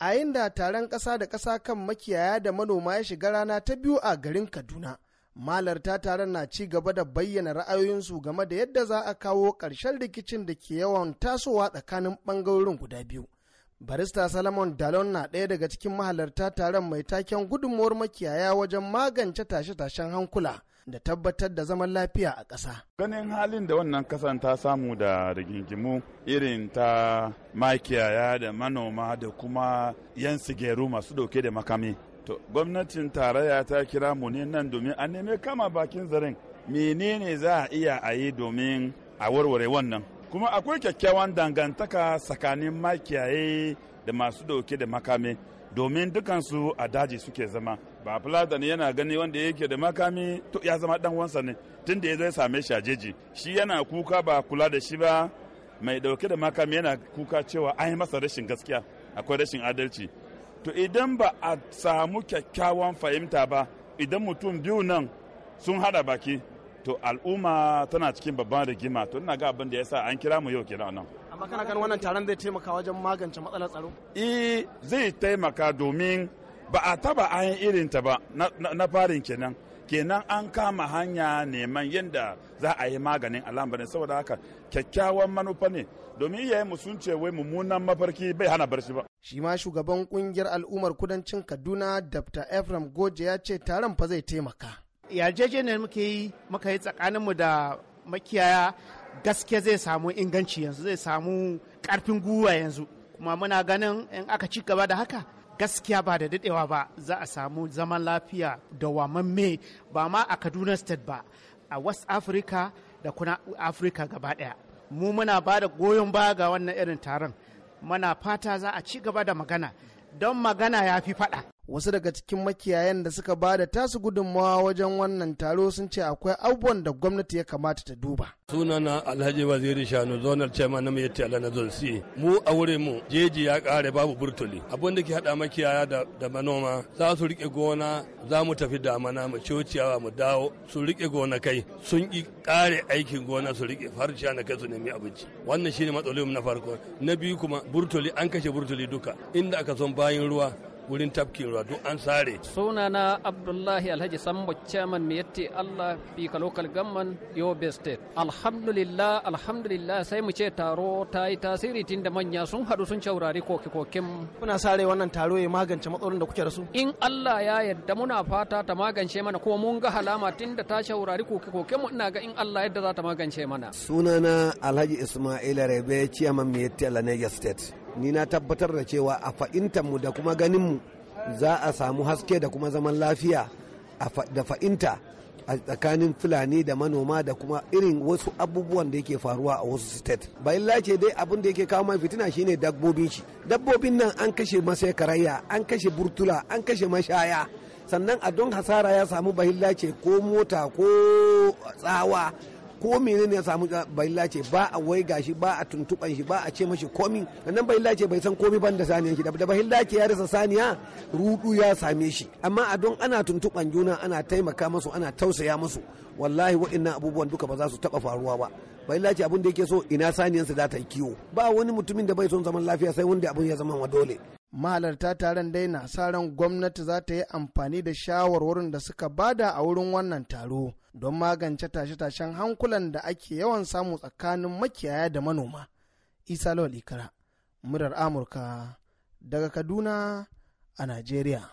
a yayin da taron ƙasa da ƙasa kan makiyaya da manoma ya shiga rana ta biyu a garin kaduna malarta taron na ci gaba da bayyana ra'ayoyinsu game da yadda za a kawo ƙarshen rikicin da ke yawan tasowa tsakanin ɓangarorin guda biyu barista salomon dalon na ɗaya daga cikin mahalarta taron mai taken gudunmuwar makiyaya wajen magance tashe-tashen hankula da tabbatar da zaman lafiya a ƙasa. Ganin halin da wannan kasan ta samu da rigingimu irin ta makiyaya da manoma da kuma 'yan sigeru masu ɗauke da makami. To, gwamnatin tarayya ta kira mu ne nan domin a neme kama bakin zaren menene za a iya a yi domin a warware wannan. kuma akwai kyakkyawan dangantaka tsakanin makiyaye da masu dauke da makami domin dukansu a daji suke zama ba ne yana gani wanda yake da makami to ya zama dan wansa ne tun da ya zai same shi a jeji shi yana kuka ba kula da shi ba mai dauke da makami yana kuka cewa an yi masa rashin gaskiya akwai rashin adalci to idan ba a samu kyakkyawan fahimta ba idan mutum biyu nan sun hada baki to al'umma tana cikin babban rigima to ina ga abin da yasa an kira mu yau kenan nan amma kana kan wannan taron zai taimaka wajen magance matsalar tsaro E, zai taimaka domin ba a taba an irin ta ba na farin kenan kenan an kama hanya neman yadda za a yi maganin al'amarin saboda haka kyakkyawan manufa ne domin iyayen mu sun ce wai mummunan mafarki bai hana barci ba shi ma shugaban kungiyar al'ummar kudancin kaduna dr ephraim goje ya ce taron fa zai taimaka yarjejeniyar muke yi muka yi tsakaninmu da makiyaya gaske zai samu inganci yanzu zai samu karfin gwiwa yanzu kuma muna ganin in aka ci gaba da haka gaskiya ba da dadewa ba za a samu zaman lafiya da wamamme ba ma a kaduna state ba a west africa da kuna africa gaba daya mu muna ba da goyon baya ga wannan irin taron mana fata za a ci gaba da magana don magana ya fi faɗa wasu daga cikin makiyayan da suka ba da tasu gudunmawa wajen wannan taro sun ce akwai abubuwan da gwamnati ya kamata ta duba. sunana alhaji waziri shanu zonar cema na mai yatti alana zonsi mu a wurin mu jeji ya kare babu burtuli abin da ke hada makiyaya da manoma za su rike gona za mu tafi damana mu ciyawa mu dawo su rike gona kai sun ki kare aikin gona su rike farciya na kai su nemi abinci wannan shine matsalolin na farko na biyu kuma burtuli an kashe burtuli duka inda aka son bayin ruwa wurin tafkin ruwa duk an sare sunana abdullahi alhaji sambo chairman mai yatti allah fika local government yobe state alhamdulillah alhamdulillah sai mu ce taro ta yi tasiri tun da manya sun haɗu sun shaurari koke-koken kuna sare wannan taro ya magance matsalolin da kuke da su in allah ya yarda muna fata ta magance mana ko mun ga halama tun da ta shaurari koke-koken mu ina ga in allah yadda za ta magance mana sunana alhaji ismail Rebe chairman mai yatti allah niger state ni na tabbatar da cewa a mu da kuma ganinmu za a samu haske da kuma zaman lafiya da fa'inta a tsakanin fulani da manoma da kuma irin wasu abubuwan da yake faruwa a wasu state illa ce dai abin da yake kawo mai fitina shine dabbobin shi dabbobin nan an kashe masa karayya an kashe burtula an kashe mashaya sannan a don hasara ya samu bahillace ko mota ko tsawa ko ne ya samu barilla ce ba a wai gashi ba a tuntuban shi ba a ce mashi komi nan barilla ce bai san komi ban da saniya shi da barilla ke ya rasa saniya rudu ya same shi amma a don ana tuntuban juna ana taimaka masu ana tausaya masu. wallahi waɗannan abubuwan duka ba za su taɓa faruwa ba barilla ce abin da yake so ina saniyansa za ta yi kiwo ba wani mutumin da bai son zaman lafiya sai wanda abin ya zama wa dole mahalarta taron dai na sa ran gwamnati za ta yi amfani da shawarwarin da suka bada a wurin wannan taro don magance tashe-tashen hankulan da ake yawan samu tsakanin makiyaya da manoma. Isa Lawal Ikara, murar Amurka daga Kaduna a Najeriya.